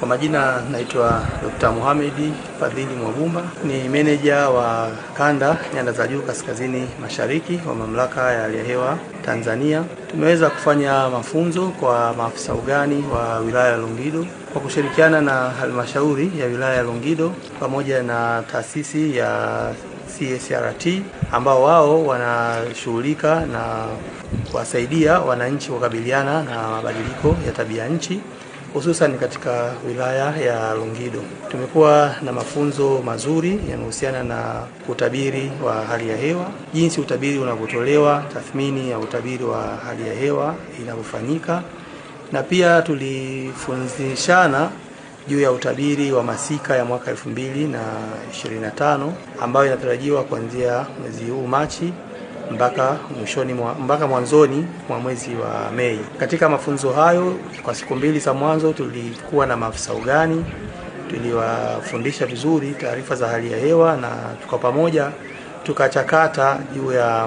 Kwa majina naitwa Dr. Mohamedi Fadhili Mwagumba, ni meneja wa kanda nyanda za juu kaskazini mashariki wa mamlaka ya hali ya hewa Tanzania. Tumeweza kufanya mafunzo kwa maafisa ugani wa wilaya ya Longido kwa kushirikiana na halmashauri ya wilaya ya Longido pamoja na taasisi ya CSRT ambao wao wanashughulika na kuwasaidia wananchi kukabiliana na mabadiliko ya tabia nchi hususan katika wilaya ya Longido. Tumekuwa na mafunzo mazuri yanayohusiana na utabiri wa hali ya hewa, jinsi utabiri unavyotolewa, tathmini ya utabiri wa hali ya hewa inavyofanyika, na pia tulifunzishana juu ya utabiri wa masika ya mwaka 2025 ambayo inatarajiwa kuanzia mwezi huu Machi mpaka mwishoni mwa, mpaka mwanzoni mwa mwezi wa Mei. Katika mafunzo hayo kwa siku mbili za mwanzo tulikuwa na maafisa ugani, tuliwafundisha vizuri taarifa za hali ya hewa na tuka pamoja tukachakata juu ya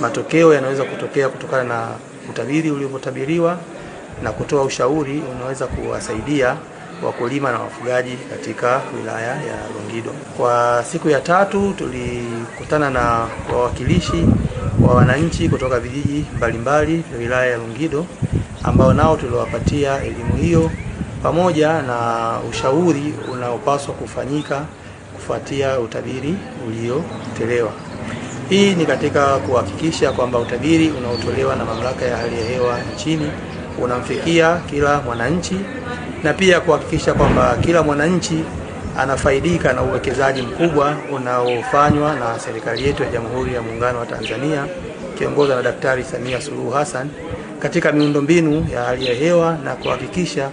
matokeo yanaweza kutokea kutokana na utabiri ulivyotabiriwa na kutoa ushauri unaweza kuwasaidia wakulima na wafugaji katika wilaya ya Longido. Kwa siku ya tatu tulikutana na wawakilishi wa wananchi kutoka vijiji mbalimbali vya wilaya ya Longido ambao nao tuliwapatia elimu hiyo pamoja na ushauri unaopaswa kufanyika kufuatia utabiri uliotolewa. Hii ni katika kuhakikisha kwamba utabiri unaotolewa na mamlaka ya hali ya hewa nchini unamfikia kila mwananchi na pia kuhakikisha kwamba kila mwananchi anafaidika na uwekezaji mkubwa unaofanywa na serikali yetu ya Jamhuri ya Muungano wa Tanzania kiongozwa na Daktari Samia Suluhu Hassan katika miundombinu ya hali ya hewa na kuhakikisha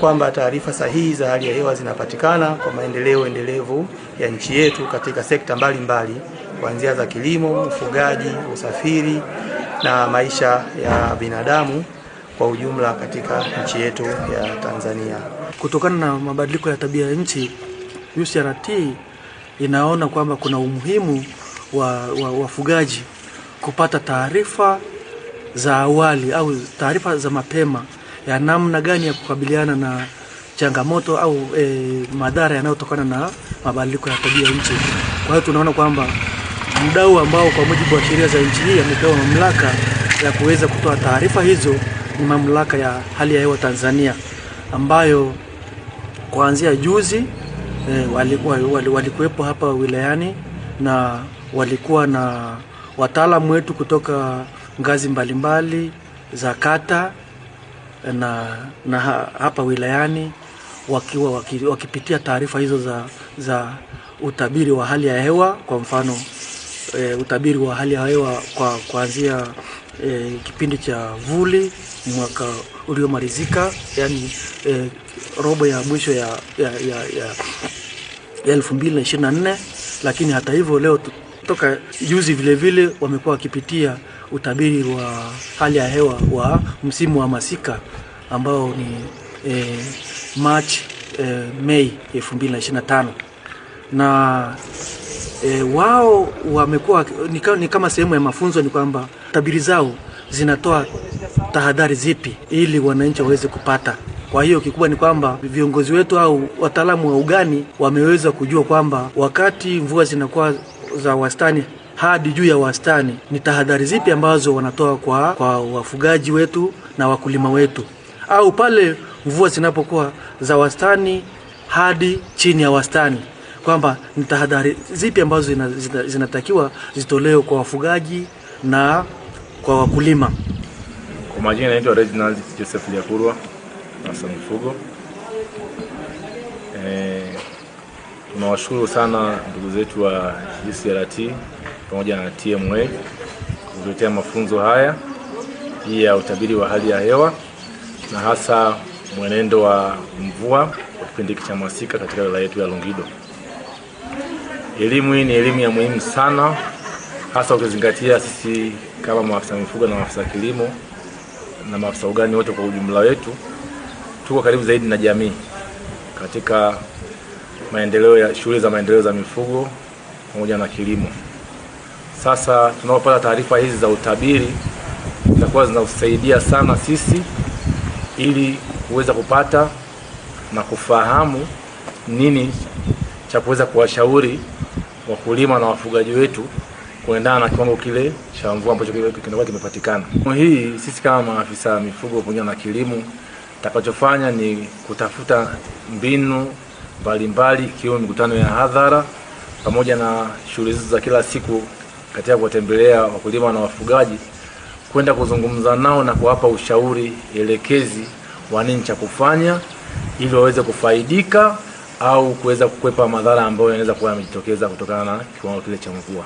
kwamba taarifa sahihi za hali ya hewa zinapatikana kwa maendeleo endelevu ya nchi yetu katika sekta mbalimbali kuanzia za kilimo, ufugaji, usafiri na maisha ya binadamu kwa ujumla katika nchi yetu ya Tanzania. Kutokana na mabadiliko ya tabia ya nchi UCRT inaona kwamba kuna umuhimu wa wafugaji wa kupata taarifa za awali au taarifa za mapema ya namna gani ya kukabiliana na changamoto au e, madhara yanayotokana na mabadiliko ya tabia nchi. Kwa hiyo tunaona kwamba mdau ambao kwa mujibu wa sheria za nchi hii amepewa mamlaka ya kuweza kutoa taarifa hizo ni mamlaka ya hali ya hewa Tanzania ambayo kuanzia juzi walikuwepo eh, wali, wali hapa wilayani na walikuwa na wataalamu wetu kutoka ngazi mbalimbali za kata na, na hapa wilayani wakiwa waki, wakipitia taarifa hizo za, za utabiri wa hali ya hewa kwa mfano e, utabiri wa hali ya hewa kwa kuanzia e, kipindi cha vuli mwaka uliomalizika yani e, robo ya mwisho ya, ya, ya, ya elfu mbili na ishirini na nne lakini hata hivyo leo toka juzi vilevile wamekuwa wakipitia utabiri wa hali ya hewa wa msimu wa masika ambao ni e, Machi e, Mei tano na e, wao wamekuwa ni kama sehemu ya mafunzo ni kwamba tabiri zao zinatoa tahadhari zipi ili wananchi waweze kupata. Kwa hiyo kikubwa ni kwamba viongozi wetu au wataalamu wa ugani wameweza kujua kwamba wakati mvua zinakuwa za wastani hadi juu ya wastani, ni tahadhari zipi ambazo wanatoa kwa, kwa wafugaji wetu na wakulima wetu, au pale mvua zinapokuwa za wastani hadi chini ya wastani kwamba ni tahadhari zipi ambazo zinatakiwa zitolewe kwa wafugaji na kwa wakulima. Kwa majina naitwa Reginald Joseph Lyakurwa asa mifugo. E, tunawashukuru sana ndugu zetu wa UCRT pamoja na TMA kutuletea mafunzo haya ya utabiri wa hali ya hewa na hasa mwenendo wa mvua kwa kipindi cha masika katika wilaya yetu ya Longido. Elimu hii ni elimu ya muhimu sana hasa ukizingatia sisi kama maafisa mifugo na maafisa kilimo na maafisa ugani wote kwa ujumla wetu tuko karibu zaidi na jamii katika maendeleo ya shughuli za maendeleo za mifugo pamoja na kilimo. Sasa tunapopata taarifa hizi za utabiri zitakuwa zinatusaidia sana sisi ili kuweza kupata na kufahamu nini cha kuweza kuwashauri wakulima na wafugaji wetu kuendana na kiwango kile cha mvua ambacho kinakuwa kimepatikana. Hii sisi kama maafisa mifugo pamoja na kilimo, takachofanya ni kutafuta mbinu mbalimbali ikiwemo mikutano ya hadhara pamoja na shughuli zetu za kila siku katika kuwatembelea wakulima na wafugaji, kwenda kuzungumza nao na kuwapa ushauri elekezi wa nini cha kufanya ili waweze kufaidika au kuweza kukwepa madhara ambayo yanaweza kuwa yamejitokeza kutokana na kiwango kile cha mvua.